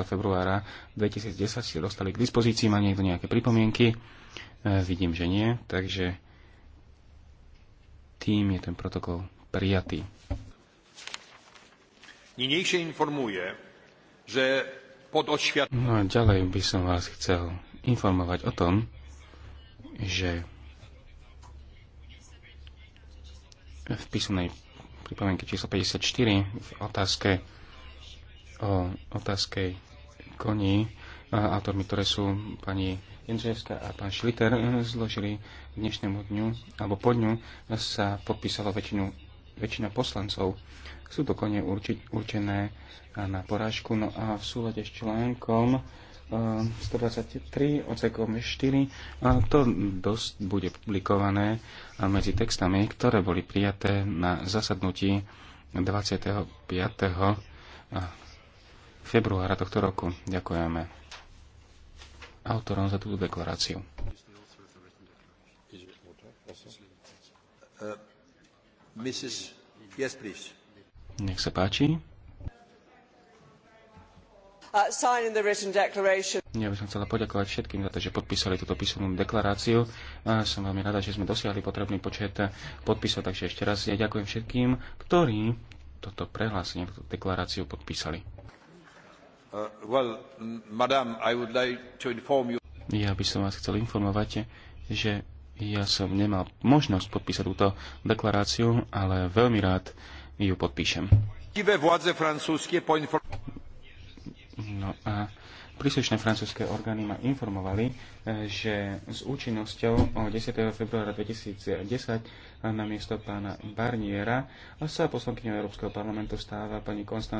februára 2010 ste dostali k dispozícii. Má niekto nejaké pripomienky? E, vidím, že nie. Takže tým je ten protokol prijatý. Niniejšie informuje, že pod ošviat... No a ďalej by som vás chcel informovať o tom, že v písomnej pripomienke číslo 54 v otázke o otázke koní. Autormi, ktoré sú pani Jendřejevská a pán Šliter, zložili k dnešnému dňu, alebo po dňu sa podpísalo väčšinu, väčšina poslancov. Sú to kone urči, určené na porážku. No a v súlade s článkom 123 e, odsekom 4 a to dosť bude publikované medzi textami, ktoré boli prijaté na zasadnutí 25 februára tohto roku. Ďakujeme autorom za túto deklaráciu. Uh, Nech sa páči. Uh, ja by som chcela poďakovať všetkým za to, že podpísali túto písomnú deklaráciu. A som veľmi rada, že sme dosiahli potrebný počet podpisov, takže ešte raz ja ďakujem všetkým, ktorí toto prehlásenie, túto deklaráciu podpísali. Uh, ja by som vás chcel informovať, že ja som nemal možnosť podpísať túto deklaráciu, ale veľmi rád ju podpíšem. No a príslušné francúzske orgány ma informovali, e, že s účinnosťou 10. februára 2010 na miesto pána Barniera sa poslankyňou Európskeho parlamentu stáva pani Konstantin